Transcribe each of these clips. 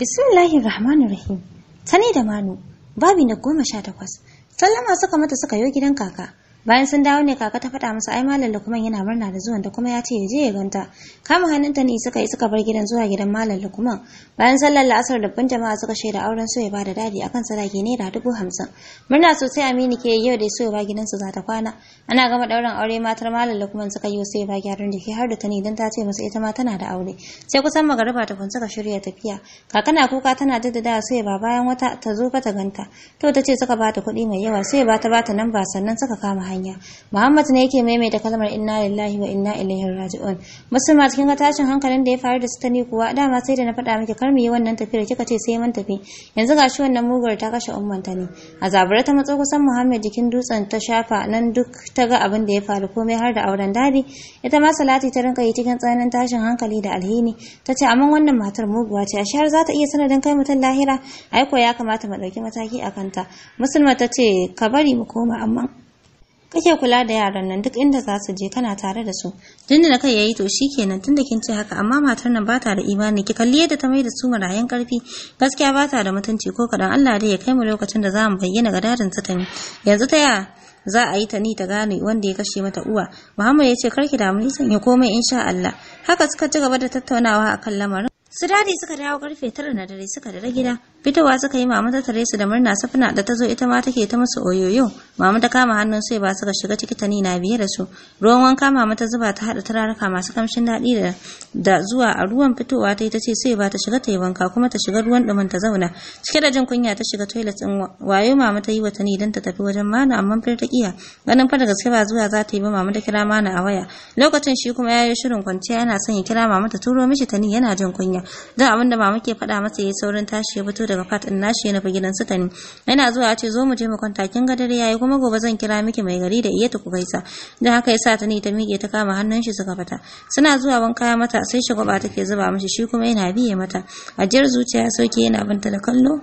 Bismillahir Rahmanir Rahim. Tani da Manu, babi na goma sha takwas. Sallama suka mata suka yo gidan kaka. bayan sun dawo ne kaka ta faɗa masa ai malam lukman yana murna da zuwan da kuma ya ce ya je ya ganta kama hannunta ne suka yi suka bar gidan zuwa gidan malam lukman bayan sallar la'asar dabbun jama'a suka shaida auren soya ba da dadi akan sadaki naira dubu hamsin murna sosai aminu ke yau da ya ba su za ta kwana ana gama ɗaurin aure matar malam lukman suka yi ya ba gyaran jiki har da ta ne idan ta ce masa ita ma tana da aure sai kusan magariba ta kun suka shirya tafiya kaka na kuka tana jaddada soya ba bayan wata ta zo fa ta ganta to ta ce suka ba ta kuɗi mai yawa soya ba ta ba ta nan sannan suka kama hanya Muhammad ne yake maimaita kalmar inna lillahi wa inna ilaihi raji'un musulma cikin ga tashin hankalin da ya faru da sutani kuwa dama sai da na faɗa miki kar mu yi wannan tafiyar kika ce sai mun tafi yanzu gashi wannan mugur ta kashe umman ta ne a zabura ta matso kusan Muhammad jikin dutsen ta shafa nan duk ta ga abin da ya faru komai har da auren dadi ita ma Salati ta rinka yi cikin tsananin tashin hankali da alhini ta ce amma wannan matar muguwa ce a shahar za ta iya sanadin kai mutum lahira aiko ya kamata mu ɗauki mataki a kanta musulma ta ce ka bari mu koma amma kake kula da yaran nan duk inda za su je kana tare da su da kai yayi to shi shikenan tunda kin ce haka amma matar nan ta da imani ki kalli yadda ta maida su marayan karfi gaskiya ba ta da mutunci ko kadan Allah dai ya kai mu lokacin da za mu bayyana ga dadin ta yanzu ta ya za a yi ta ni ta gane wanda ya kashe mata uwa Muhammad ya ce karki damu ni sanya komai insha Allah haka suka ci gaba da tattaunawa akan lamarin su dadi suka dawo karfe tara na dare suka dare gida fitowa suka yi mama ta tare su da murna safina da ta zo ita ma take ta musu oyoyo mama ta kama hannun sai ba suka shiga ciki ta nina biye da su ruwan wanka mama ta zuba ta hada tararaka masu kamshin daɗi da da zuwa a ruwan fitowa ta yi ta ce sai ba ta shiga ta yi wanka kuma ta shiga ruwan dumin ta zauna cike da jin kunya ta shiga toilet din wayo mama ta yi wa tani dan ta tafi wajen mana amma fir ta kiya ganin fa da gaske ba zuwa za ta yi ba mama ta kira mana a waya lokacin shi kuma ya yi shirin kwanciya yana son ya kira mama ta turo mishi tani yana jin kunya da abin da mama ke faɗa masa ya saurin tashi ya fito daga fat din nashi ya nufi gidan su tani yana zuwa ya ce zo mu je mu kwanta kin ga yayi kuma gobe zan kira miki mai gari da iyata ku gaisa dan haka yasa tani ta miƙe ta kama hannun shi suka fata. suna zuwa wanka kaya mata sai shi shagwaba take zuba mishi shi kuma yana biye mata ajiyar zuciya sauke yana binta da kallo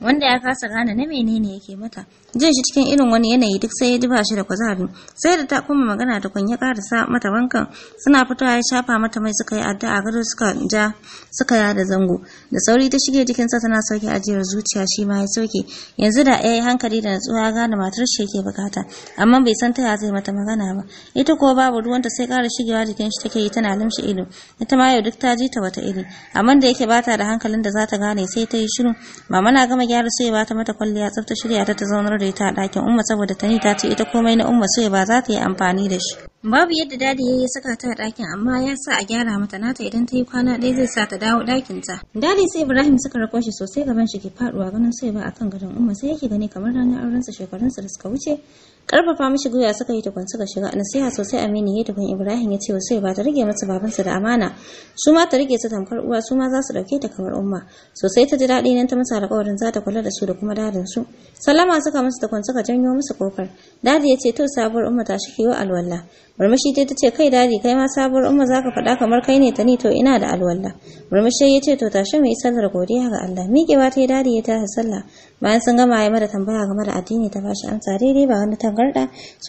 wanda ya kasa gane na menene yake mata jin shi cikin irin wani yanayi duk sai ya ji ba shi da kuzari sai da ta kuma magana da kun ya karasa mata wankan suna fitowa ya shafa mata mai suka yi addu'a gado suka ja suka ya da zango da sauri ta shige sa tana sauke ajiyar zuciya shi ma ya sauke yanzu da ya yi hankali da natsuwa gane matar shi yake bukata amma bai san ta ya zai mata magana ba ita ko babu ruwanta sai kara shigewa jikin shi take yi tana limshi ido ita ma yau duk ta ji ta wata iri amma da yake bata da hankalin da za ta gane sai ta yi shiru mama na gama gyara sai ya bata mata kwalliya tsafta shirya ta ta zaunar da ta a ɗakin umma saboda tani ta ce ita komai na umma sai ba za ta yi amfani da shi babu yadda dadi ya yi saka ta a ɗakin amma ya sa a gyara mata nata idan ta yi kwana ɗaya zai sa ta dawo ɗakin ta dadi sai ibrahim suka rako shi sosai gaban shi ke faɗuwa ganin sai ba akan gadon umma sai yake gani kamar ranar aurensa shekarunsa da suka wuce karfafa mishi gwiwa suka yi tukun suka shiga nasiha sosai aminu ya tukun ibrahim ya ce wa sai ba ta rage masa babansa da amana su ma ta rage su tamkar uwa su ma za su dauke ta kamar umma sosai ta ji daɗi nan ta masa alƙawarin za ta kula da su da kuma dadin su sallama suka masa tukun suka janyo masa kofar dadi ya ce to sabuwar umma ta shike wa alwala murmushi dai-dai ta ce kai dadi kai ma sabuwar umma ka faɗa kamar kai ne ta ni to ina da alwala murmushi ya ce to tashi mu yi sallar godiya ga Allah miƙewa ta yi dadi ya tashi sallah bayan sun gama ya mara tambaya game da addini ta bashi amsa daidai ba wani ta so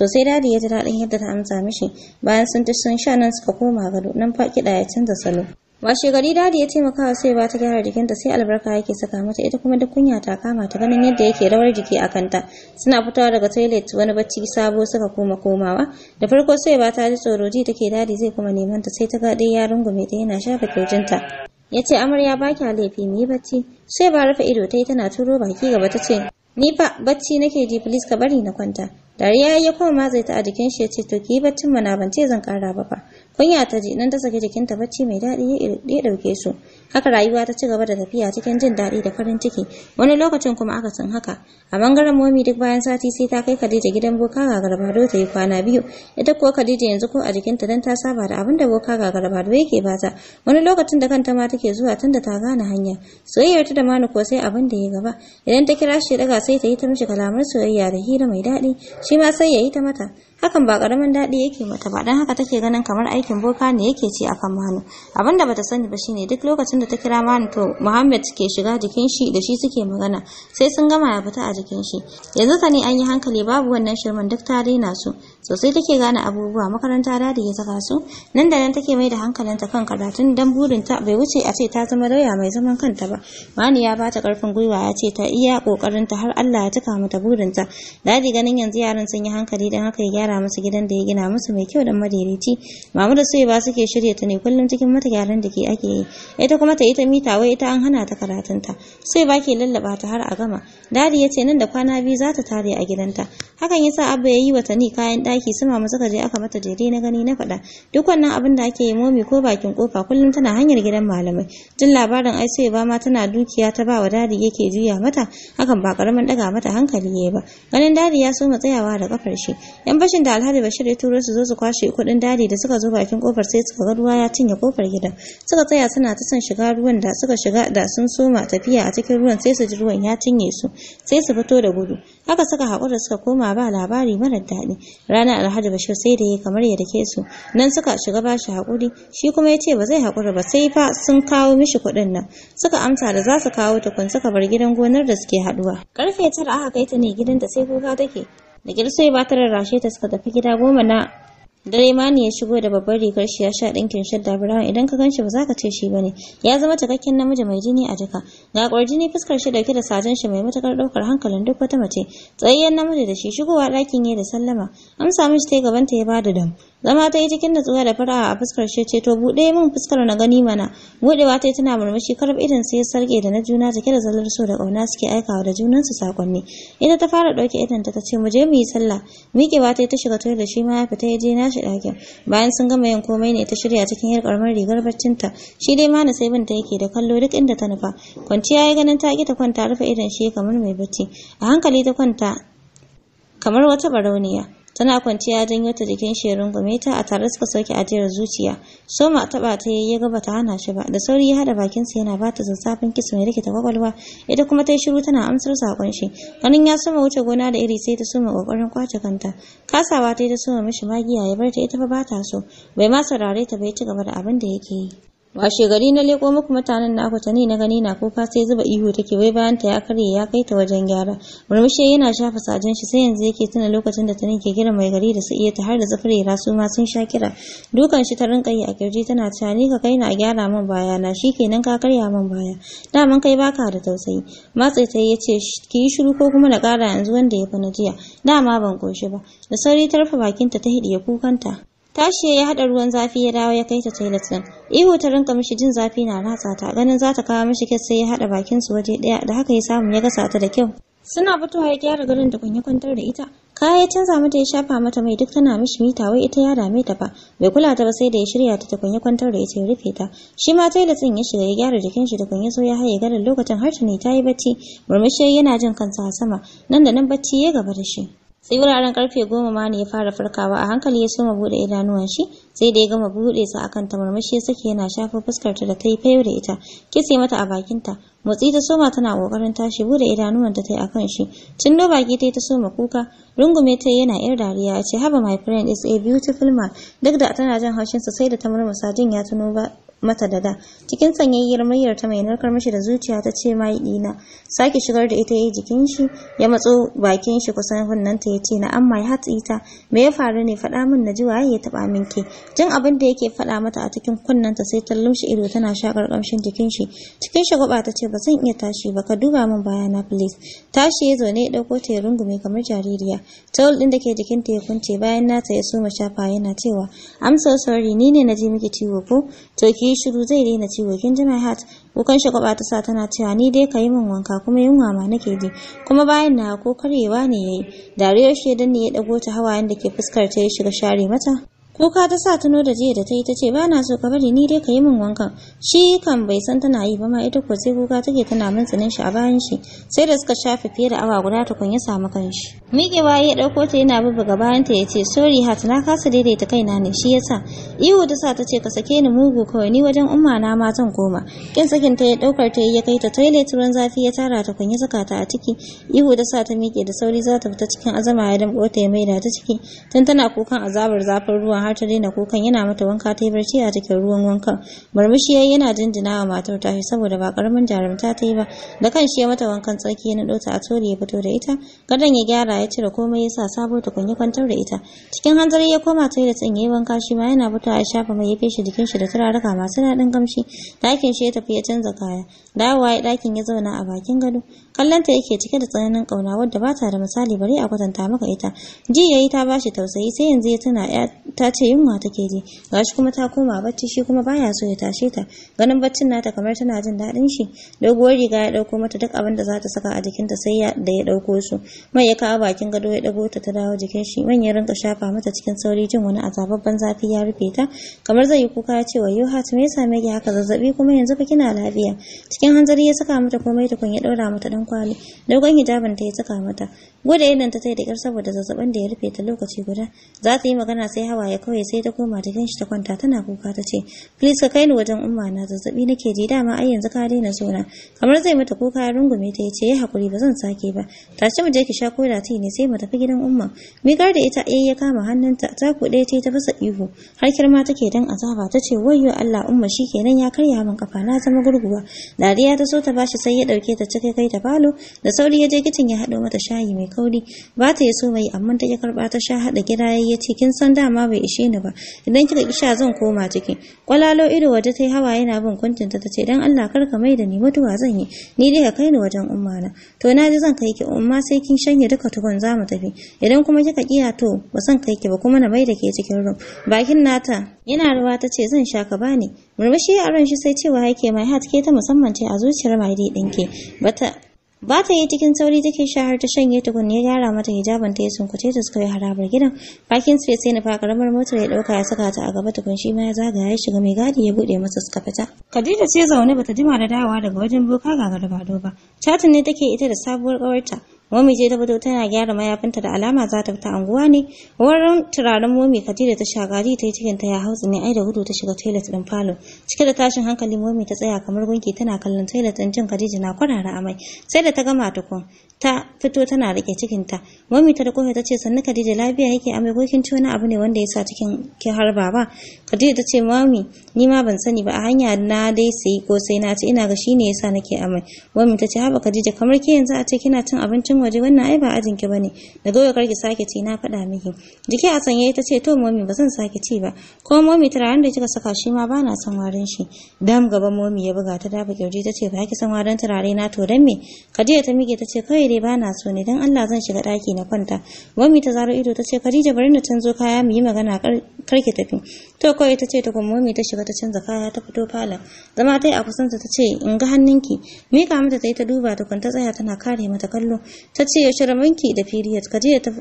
sosai dadi ya ji daɗin yadda ta amsa mishi bayan sun ta sun sha nan suka koma gado nan fa kiɗa ya canza salo washe gari dadi ya taimaka wa sai ba ta gyara jikinta sai albarka yake saka mata ita kuma da kunya ta kama ta ganin yadda yake rawar jiki a kanta suna fitowa daga toilet wani bacci sabo suka koma komawa da farko sai ba ta ji tsoro ji take dadi zai kuma neman ta sai ta ga dai ya rungume ɗaya yana shafa kirjinta ya ce amarya ba kya laifi mu yi bacci sai ba rufe ido ta yi tana turo baki gaba ta ce ni fa bacci nake ji please ka bari na kwanta Dariya ya koma zai ta a jikin shi ya ce to ki yi baccin mana ban ce zan kara ba fa. Kunya ta ji nan ta saki ta bacci mai daɗi ya ɗauke su. Haka rayuwa ta ci gaba da tafiya cikin jin daɗi da farin ciki. Wani lokacin kuma aka san haka. A bangaren momi duk bayan sati sai ta kai Khadija gidan boka ga garbado ta yi kwana biyu. Ita kuwa Khadija yanzu ko a jikinta dan ta saba da abin da boka ga garbado yake bata. Wani lokacin da kanta ma take zuwa tunda ta gane hanya. soyayya ta da Manu ko sai abin da ya gaba. Idan ta kira shi daga sai ta yi ta mishi kalamar soyayya da hira mai daɗi. Shi ma sai yayi ta mata. hakan ba karamin daɗi yake mata ba don haka take ganin kamar aikin boka ne yake ci akan manu abin da bata sani ba shine duk lokacin da ta kira manu to muhammad ke shiga jikin shi da shi suke magana sai sun gama ya fita a jikin shi yanzu ta ne an yi hankali babu wannan shirman duk ta daina su sosai take gane abubuwa makaranta dadi ya saka su nan da nan take mai da hankalinta kan karatun dan burinta bai wuce a ce ta zama lauya mai zaman kanta ba mani ya bata karfin gwiwa ya ce ta iya kokarin ta. har Allah ya tuka mata burinta dadi ganin yanzu yaran sun yi hankali dan haka ya gyara musu gidan da ya gina musu mai kyau dan madaidaici mamu da suya ba suke shirya ta ne kullum cikin mata gyaran da ke ake yi ita kuma ta yi ta mita wai ita an hana ta karatunta sai ba ke lallaba ta har a gama dadi ya ce nan da kwana biyu za ta tare a gidanta hakan yasa abba ya yi wa tani kayan daki sama mama suka je aka mata jere na gani na faɗa duk wannan abin da ake yi momi ko bakin kofa kullum tana hanyar gidan malamai Tun labarin ai sai ba ma tana dukiya ta ba wa dadi yake juya mata hakan ba karamin daga mata hankali yayi ba ganin dadi ya so tsayawa da kafar shi yan bashin da Alhaji Bashir ya turo su zo su kwashe kuɗin dadi da suka zo bakin kofar sai suka ga ruwa ya cinye kofar gidan suka tsaya suna ta son shiga ruwan da suka shiga da sun soma tafiya a cikin ruwan sai su ji ruwan ya cinye su sai su fito da gudu haka suka haƙura suka koma ba labari mara daɗi ranar alhaji bashir sai da ya kamar ya ke su nan suka shiga ba shi hakuri shi kuma ya ce ba zai haƙura ba sai fa sun kawo mishi kuɗin nan suka amsa da za su kawo kun suka bar gidan gonar da suke haɗuwa karfe tara aka kai ta ne gidan da sai kuka take da girsai ba ta rarrashe ta suka tafi gida goma na dare mani ya shigo da babbar rigar shi ya sha dinkin shadda brown idan ka ganshi ba za ka ce shi bane ya zama cikakken namiji mai jini a jika ga jini fuskar shi dauke da sajan shi mai matukar daukar hankalin duk wata mace tsayayyen namiji da shi shigowa dakin ya da sallama amsa mishi ta gabanta ya bada dam zama ta yi cikin natsuwa da farawa a fuskar shi ce to buɗe min fuskar na gani mana buɗewa ta yi tana murmushi karab idan sai ya sarge da na juna take da zallar so da ƙauna suke aikawa da junansu sakonni ita ta fara ɗauke idan ta ce mu je mu yi sallah miƙewa ta yi ta shiga toyar da shi ma ya fita ya je na tashi ɗakin bayan sun gama yin komai ne ta shirya cikin yar karamar rigar ta shi dai ma na sai bin ta yake da kallo duk inda ta nufa kwanciya ya ganin ta ki ta kwanta rufe idon shi kamar mai bacci a hankali ta kwanta kamar wata barauniya tana kwanciya don yadda jikin shi ya a tare suka sauke ajiyar zuciya soma taba ta yayi ya gaba ta hana shi ba da sauri ya hada bakin sa yana ta zazzafin kisa mai rikita kwakwalwa ita kuma ta yi shiru tana amsar sakon shi ganin ya soma wuce gona da iri sai ta soma kokarin kwace kanta kasawa ta yi ta soma mishi magiya ya bar ta ita fa ta so bai ma saurare ta bai ci gaba da abin da yake yi washe gari na leko muku mutanen naku ta ne na gani na kuka sai zuba ihu take wai bayan ta ya karye ya kai ta wajen gyara murmushi yana shafa sajen shi sai yanzu yake tuna lokacin da ta ke gira mai gari da su iya ta har da ra su ma sun sha kira dukan shi ta rinka yi a kirji tana cewa ni ka kai na gyara min baya na Shi shikenan ka karya min baya daman kai baka da tausayi matsayi ta yace ki yi shiru ko kuma na kara yanzu wanda ya fi na jiya dama ban koshi ba da sauri ta rufe bakinta ta hidiye kukanta tashi ya haɗa ruwan zafi ya dawo ya kai ta toilet din ihu ta rinka mishi jin zafi na ratsa ta ganin za ta kawo mishi kes sai ya haɗa bakin su waje daya da haka ya samu ya gasa ta da kyau suna fitowa ya gyara garin da kun kwantar da ita kaya ya canza mata ya shafa mata mai duk tana mishi mita wai ita ya dame ta ba bai kula ta ba sai da ya shirya ta tukunya ya kwantar da ita ya rufe ta shi ma taila tsin ya shiga ya gyara jikin shi tukun ya so ya haye garin. lokacin har ta ne ta yi bacci murmushi yana jin kansa a sama nan da nan bacci ya gaba da shi sai wuraren karfe goma ma ne ya fara farkawa a hankali ya soma bude idanuwan shi sai da ya gama bude sa akan tamarmashi sake yana shafa fuskar ta da ta yi fayo da ita kitse mata a bakin ta motsi ta soma tana kokarin tashi bude idanuwan ta tai akan shi tun da baki ta ta soma kuka rungume ta yana yar dariya ya ce haba my friend is a beautiful man duk da tana jin haushin sa sai da ta murmusa jin ya tuno ba mata da da cikin sanyayyar muryar ta mai narkar mashi da zuciya ta ce mai dina sake shigar da ita yayin jikin shi ya matso bakin shi kusan hunnan ta yace na amma ya ita me ya faru ne faɗa min na ji waye ya taba min ke jin abin da yake fada mata a cikin kunnan ta sai ta lumshi ido tana shakar kamshin jikin shi cikin shi gaba ta ce ba zan iya tashi ba ka duba min bayana please tashi ya zo ne ya dauko ta ya rungume kamar jaririya tawul din da ke jikin ta ya kunce bayan nata ya soma shafa yana cewa amsa sorry ni ne na ji miki ciwo ko to ki yi shiru zai daina ciwo kin ji my heart kukan shi gaba ta sa tana cewa ni dai ka yi min wanka kuma yunwa ma nake ji kuma bayan na ko karyewa ne yayi dariyo shi dan ne ya dago ta hawayen da ke fuskar ta ya shiga share mata kuka ta sa tuno da jiya da ta yi ta ce ba na so ka bari ni dai ka yi min wankan shi kan bai san tana yi ba ma ita ko sai kuka take tana min tsinin shi a bayan shi sai da suka shafe fiye da awa guda tukun ya samu kanshi miƙewa ya ɗauko ta yana bubbuga bayan ta ya ce sorry hat na kasa daidaita kaina ne shi yasa ihu ta sa ta ce ka sake ni mugu kawai ni wajen umma na ma zan koma kin sakin ta ya ɗaukar ta ya kai ta toilet ruwan zafi ya tara ta ya saka ta a ciki ihu ta sa ta miƙe da sauri za ta fita cikin azama ya damƙo ta ya maida ta ciki tun tana kukan azabar zafin ruwa har ta daina kukan yana mata wanka ta yi barci a cikin ruwan wankan murmushi yayi yana jinjina wa matar tashi saboda ba karamin jarumta ta yi ba da kan shi ya mata wankan tsarki na nado a tsori ya fito da ita gadon ya gyara ya cire komai ya sa sabo ta kunyi kwantar da ita cikin hanzari ya koma ta yi da tsin wanka shi ma yana fitowa ya shafa mai ya feshe jikin shi da turaruka masu daɗin kamshi ɗakin shi ya tafi ya canza kaya dawowa ya ɗakin ya zauna a bakin gado kallonta yake cike da tsananin ƙauna wadda ba ta da misali bari a kwatanta maka ita ji yayi ta bashi tausayi sai yanzu ya tuna ta ce yunwa take ji gashi kuma ta koma bacci shi kuma baya so ya tashe ta ganin baccin nata kamar tana jin daɗin shi doguwar riga ya ɗauko mata duk abin da za ta saka a jikinta sai da ya ɗauko su mai ya kawo bakin gado ya ɗago ta ta dawo jikin shi man ya rinka shafa mata cikin sauri jin wani azababban zafi ya rufe ta kamar zai yi kuka ya ce wa yau hat me yasa ki haka zazzabi kuma yanzu fa kina lafiya cikin hanzari ya saka mata komai tukun ya ɗaura mata dan kwali dogon hijabin ta ya saka mata gode idan ta tai da ƙyar saboda zazzabin da ya rufe ta lokaci guda za ta yi magana sai hawa ya kawai sai ta koma ta ganshi ta kwanta tana kuka ta ce please ka kai ni wajen umma na zazzabi nake ji dama ai yanzu ka daina sona kamar zai mata kuka ya rungume ta yace ya hakuri ba zan sake ba tashi mu je ki sha koda tai ne sai mu tafi gidan umma migar da ita ai eh, ya kama hannunta ta ɗaya ta ta fasa ihu har kirma take dan azaba ta ce wayyo Allah umma shi shikenan ya karya min kafa na zama gurguwa dariya ta so ta bashi sai ya dauke ta cike kai ta falo da sauri ya je kicin ya hado mata shayi mai kauri ba ta yi so mai amma ta ya karba ta sha hada gida ya ce kin san dama bai ishe ni ba idan kika kisha zan koma ciki kwalalo ido waje tai hawa yana bin kuntinta ta ce dan Allah kar ka mai da ni mutuwa zan yi ni dai ka kai ni wajen umma na to na ji zan kai ki umma sai kin shanye duka tukun zamu tafi idan kuma kika kiya to ba san kai ki ba kuma na mai da ke cikin rum bakin nata yana ruwa ta ce zan sha ka bani murmushi a ran shi sai cewa haike mai hat ke ta musamman ce a zuciyar mai dai dinki bata ba ta yi cikin sauri take shahar ta shanye tukunni ya gyara mata hijaban ta ya sunkuce ta suka yi harabar gidan bakin space sai nufa karamar motar ya dauka ya saka ta a gaba tukun shi ma ya zagaya ya shiga mai gadi ya bude masa suka fita Khadija ce zaune bata jima da dawowa daga wajen boka ga garba ba chatin ne take ita da sabuwar kawarta momi ce ta fito tana gyara mayafinta da alama za ta fita anguwa ne wurin turaren momi Khadija ta shagari ta yi cikin ta ya hautsi ne ai da gudu ta shiga toilet din falon cike da tashin hankali momi ta tsaya kamar gunki tana kallon toilet din jin Khadija na kwarara amai sai da ta gama tukun ta fito tana rike cikin ta momi ta da ta ce sannu Khadija lafiya yake amai gokin ci wani abu ne wanda ya sa cikin ki har baba Khadija ta ce momi ni ma ban sani ba a hanya na dai sai ko sai na ci ina ga shine yasa nake amai momi ta ce haba Khadija kamar ke yanzu a ce kina cin abincin waje wannan ai ba ajin ki bane daga kar ki sake ci na faɗa miki jiki a sanye ta ce to momi ba zan sake ci ba ko momi turaren da kika saka shi ma bana son warin shi dam gaba momi ya buga ta dafa kirji ta ce ba ki san warin turare na to dan me Khadija ta mike ta ce kai dai bana so ne dan Allah zan shiga daki na kwanta momi ta zaro ido ta ce Khadija bari na canzo kaya mu yi magana karki tafi to kawai ta ce ta kuma momi ta shiga ta canza kaya ta fito falon zama tai a kusanta ta ce in ga hannunki mika mata ta yi ta duba ta kwanta tsaya tana kare mata kallo ta ce ya shirin minki da period ka je ta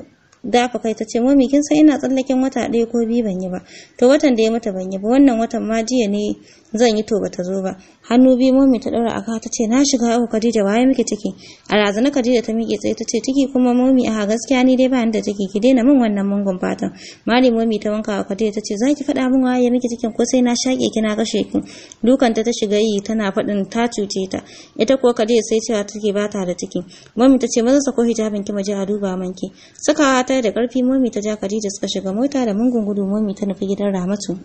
dafa kai ta ce mami kin san ina tsallaken wata ɗaya ko biyu ban yi ba to watan da ya mata ban yi ba wannan watan ma jiya ne zan yi to bata zo ba hannu biyu mami ta ɗaura aka ta ce na shiga uku kadija waye miki ciki a razana kadija ta miƙe tsaye ta ce ciki kuma mami a gaskiya ni dai ba ni da ciki ki daina min wannan mungun fatan mali mami ta wanka wa kadija ta ce za ki faɗa min waye miki cikin ko sai na shaƙe ki na kashe ki dukanta ta shiga yi tana faɗin ta cuce ta ita kuwa kadija sai cewa take ba ta da ciki mami ta ce maza sako hijabin ki mu je a duba manki sakawa ta ta da ƙarfi momi ta ja Khadija suka shiga mota da mungun gudu momi ta nufi gidan Ramatu.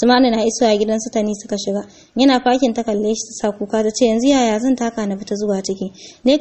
sumana na isuwa gidan su tani suka shiga yana fakin ta kalle shi ta kuka ta ce yanzu yaya zan taka na fita zuwa ciki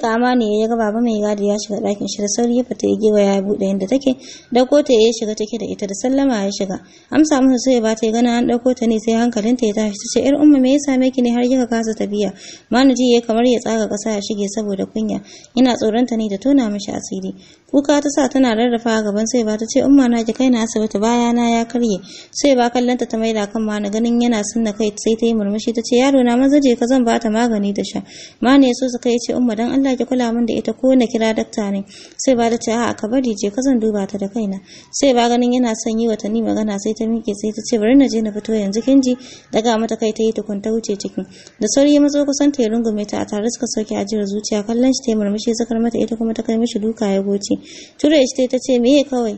ka ne ya ga baba mai gadi ya shiga ɗakin shi da sauri ya fita ya gewa ya buɗe yadda take dauko ta ya shiga take da ita da sallama ya shiga amsa musu sai ba ta gana an dauko ta ne sai hankalinta ya tashi ta ce yar umma me ya same ki ne har kika kasa tafiya manaji ya kamar ya tsaga ƙasa ya shige saboda kunya ina tsoron ta ne da tona mishi asiri kuka ta sa tana rarrafa gaban sai ba ta ce umma na ji kai asibiti bayana ya karye sai ba kallanta ta maida kan ma mana ganin yana sunna kai sai ta yi murmushi ta ce yaro na maza je ka zan ba ta magani ta sha mana ne so su kai ce umma dan Allah ki kula min da ita ko na kira dakta ne sai ba ta ce a'a ka bari je ka zan duba ta da kaina sai ba ganin yana son yi wa tani magana sai ta miƙe sai ta ce bari na je na fito yanzu kin ji daga mata kai ta yi tukun ta wuce cikin da sauri ya matso kusan ta yi rungume ta a tare suka sauke ajiyar zuciya kallon shi ta yi murmushi zakar mata ita kuma ta kai mishi duka ya goce ture shi ta ce meye kawai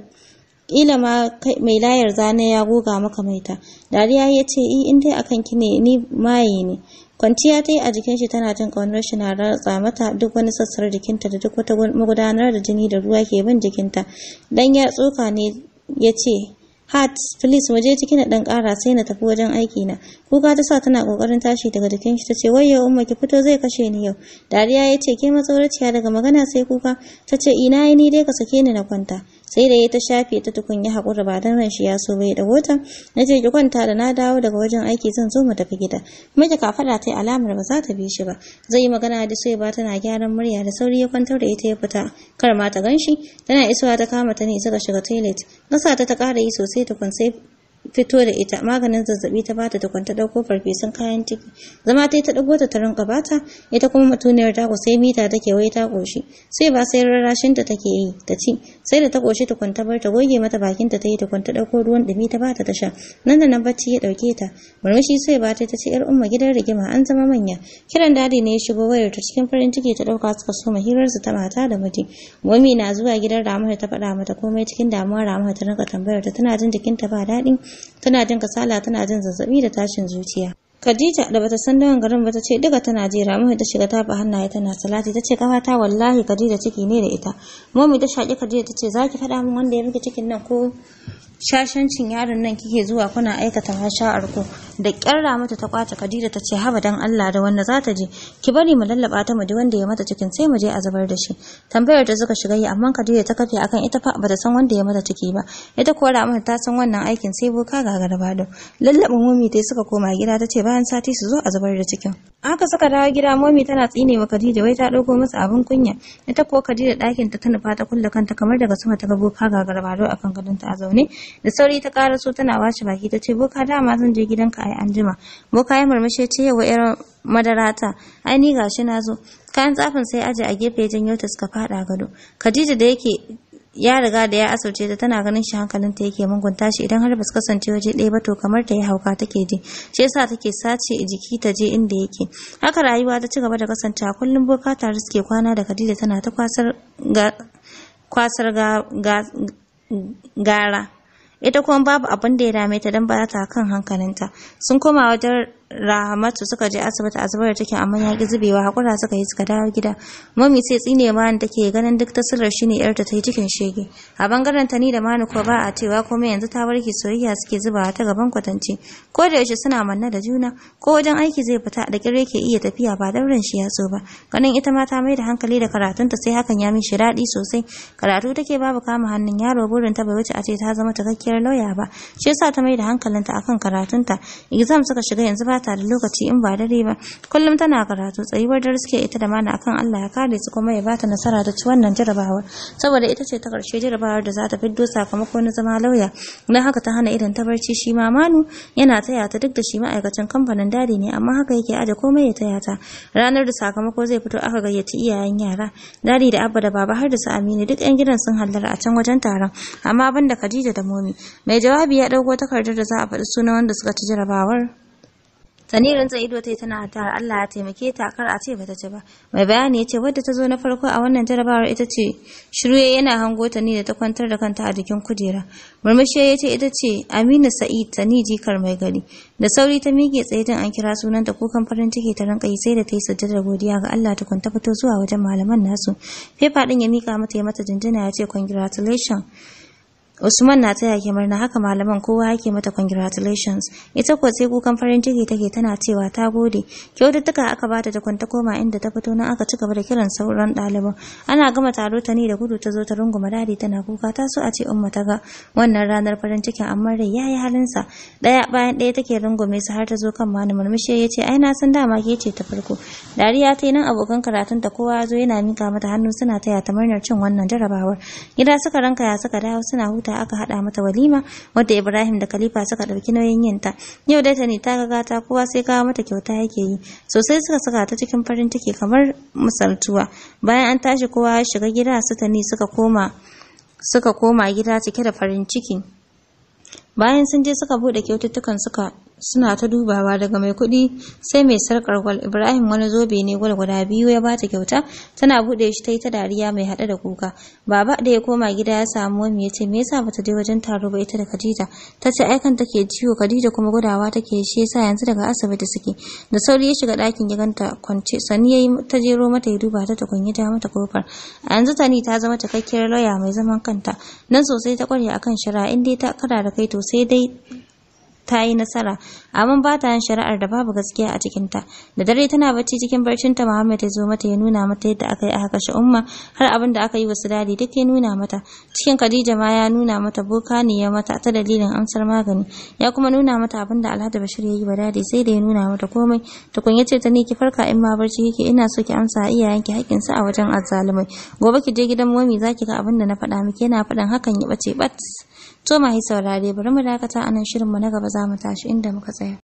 kila ma mai layar zane ya goga maka maita dariya ya ce i eh, in dai akan ki ne ni maye ne kwanciya ta yi a jikin shi tana jin kaunar shi na ratsa mata duk wani sassar jikinta da duk wata magudanar da jini da ruwa ke bin jikinta dan ya tsoka ne ya ce hat please waje ciki na dan kara sai na tafi wajen aiki na kuka ta sa tana kokarin tashi daga jikin shi tace wayyo umma ki fito zai kashe ni yau dariya ya ce ke matsoraciya daga magana sai kuka tace ina ni dai ka sake ni na kwanta sai da ya ta shafe ta tukun ya haƙura ba don ran ya so bai dago ta na je ki kwanta da na dawo daga wajen aiki zan zo mu tafi gida kuma ka kafaɗa ta alamar ba za ta bi shi ba zai yi magana da sai ba tana gyaran murya da sauri ya kwantar da ita ya fita kar ma ta ganshi tana isowa ta kama ta ne suka shiga toilet gasa ta ta ƙara yi sosai tukun sai fito da ita maganin zazzabi ta bata ta kwanta dauko farfesun kayan ciki zama ta ta dago ta rinka bata ita kuma mutuniyar ta sai mita take wai ta koshi sai ba sai rarrashin ta take yi ta ci sai da ta koshi tukunta bar ta goge mata bakin ta yi tukunta dauko ruwan dumi ta bata ta sha nan da nan bacci ya dauke ta murmushi sai ba ta ce yar umma gidan rigima an zama manya kiran dadi ne ya shigo wayar ta cikin farin ciki ta dauka suka so hirar su ta mata da miji wami na zuwa gidan da ta fada mata komai cikin damuwa rama ta rinka tambayar ta tana jin jikinta ba daɗi tana jin kasala tana jin zazzabi da tashin zuciya Khadija da bata san dawan garin ba ta ce duka tana jira mu ta shiga ta ba hannaye tana salati tace ce kafata wallahi Khadija ciki ne da ita mu ta shaki Khadija tace zaki faɗa min wanda ya miki cikin nan ko shashancin yaron nan kike zuwa kuna aikata masha'ar ku da kyarra mata ta kwace Khadija ta ce haba dan Allah da wanda zata je ki bari mu lallaba ta muje wanda ya mata cikin sai mu je a zubar da shi tambayar ta suka shiga yi amma Khadija ta kafe akan ita fa bata san wanda ya mata ciki ba ita kuwa mata ta san wannan aikin sai boka ga garba da lallaba ta tai suka koma gida ta ce bayan sati su zo a zubar da cikin aka suka dawo gida momi tana tsine wa Khadija wai ta dauko masa abin kunya ita ko Khadija dakin ta ta nufa ta kulle kanta kamar daga sama ta ga boka ga garba akan ta a zaune da sauri ta karaso tana washe baki ta ce boka dama zan je gidanka yi anjima boka ya murmushi ce yawa yar madarata ai ni gashi na zo kayan tsafin sai aje a gefe janyo ta suka fada gado khadija da yake ya riga da ya asauce ta tana ganin shi hankalin ta yake mungunta shi idan har ba su kasance waje ɗaya ba to kamar ta yi hauka take ji shi yasa take sace jiki ta je inda yake haka rayuwa ta ci gaba da kasancewa kullum boka tare suke kwana da Khadija tana ta kwasar ga kwasar ga gara ita kuma babu abin da ya dame ta don ba ta kan hankalinta sun koma wajen Rahmatu suka je asibiti a zubar da take amma ya ki zubewa hakura suka yi suka dawo gida. Mami sai tsine mani take ganin duk ta shine yar ta yi cikin shege. A bangaren ta ni da mani ko ba a cewa kuma yanzu ta warke soyayya suke zubawa ta gaban kwatance. Ko da yaushe suna manna da juna ko wajen aiki zai fita da kirre ke iya tafiya ba dauran shi ya so ba. Ganin ita ma ta mai da hankali da karatunta sai hakan ya mishi daɗi sosai. Karatu take babu kama hannun yaro burin ta bai wuce a ce ta zama takakkiyar lauya ba. Shi yasa ta mai da hankalinta akan karatunta. Exam suka shiga yanzu ba karata da lokaci in ba dare ba kullum tana karatu tsayuwar da suke ita da mana akan Allah ya kare su kuma ya bata nasara da ci wannan jarabawar saboda ita ce ta karshe jarabawar da za ta fiddo sakamako na zama lauya don haka ta hana irin ta shi ma Manu yana taya ta duk da shi ma'aikacin kamfanin dadi ne amma haka yake aje komai ya taya ta ranar da sakamako zai fito aka gayyaci iyayen yara dadi da abba da baba har da su Aminu duk 'yan gidan sun hallara a can wajen taron amma banda Khadija da Momi mai jawabi ya dauko takardar da za a faɗi sunan wanda suka ci jarabawar Sanirin zai ido ta tana tara Allah ya taimake ta kar a ce bata ci ba. Mai bayani ya ce wadda ta zo na farko a wannan jarabawar ita ce shirye yana hango ta ni da ta kwantar da kanta a jikin kujera. Murmushi ya ce ita ce Aminu Sa'id ta ni jikar mai gari. Da sauri ta miƙe tsaye don an kira sunan ta kukan farin ciki ta rinka yi sai da ta yi sujjadar godiya ga Allah ta ta fito zuwa wajen malaman nasu. Fefa din ya mika mata ya mata jinjina ya ce congratulations. Usman na taya ke murna haka malaman kowa yake mata congratulations. Ita kuwa sai kukan farin ciki take tana cewa ta gode. Kyaututtuka aka bata ta kwanta koma inda ta fito nan aka ci gaba da kiran sauran ɗaliban. Ana gama taro ta ni da gudu ta zo ta runguma dadi tana kuka ta so a ce umma ta ga wannan ranar farin ciki amma rai yayi halinsa. Daya bayan daya take rungume su har ta zo kan malamin murmushi ya ce ai na san dama ke ce ta farko. Dariya ta yi nan abokan karatun ta kowa ya zo yana mika mata hannu suna taya ta murnar cin wannan jarabawar. Gida suka ranka ya suka dawo suna huta mata aka haɗa mata walima wadda Ibrahim da Khalifa suka ɗauki nauyin yinta. Yau dai ne ta ga gata kowa sai kawo mata kyauta yake yi. Sosai suka saka ta cikin farin ciki kamar misaltuwa. Bayan an tashi kowa ya shiga gida su ne suka koma suka koma gida cike da farin ciki. Bayan sun je suka buɗe kyaututtukan suka suna ta dubawa daga mai kuɗi sai mai sarkar gwal ibrahim wani zobe ne gwal biyu ya bata kyauta tana buɗe shi ta yi ta dariya mai haɗe da kuka baba da ya koma gida ya samu wani ya ce me yasa bata je wajen taro ba ita da khadija ta ce aikan take ciwo khadija kuma gudawa take shi yasa yanzu daga asibiti suke da sauri ya shiga ɗakin ya ganta kwance sani ya yi ta jero mata ya duba ta ta kunyi ta mata kofar a yanzu tani ta zama cikakkiyar lauya mai zaman kanta nan sosai ta kware akan shara in dai ta kada da kai to sai dai ta yi nasara amma ba ta yin shari'ar da babu gaskiya a cikinta da dare tana bacci cikin barcin ta Muhammad ya zo mata ya nuna mata yadda aka yi a kashe umma har abin da aka yi wa su dadi duk ya nuna mata cikin Khadija ma ya nuna mata boka ne ya mata ta dalilin amsar magani ya kuma nuna mata abin da Alhaji Bashir ya yi wa dadi sai da ya nuna mata komai ta ya ce ta ni ki farka in ma barci kike ina so ki amsa iyayenki hakkin su a wajen azzalumai gobe ki je gidan momi zaki ga abin da na faɗa miki yana faɗan hakan ya bace bats. To masu saurare bari mu dakata a nan shirinmu na gaba za mu tashi inda muka tsaya.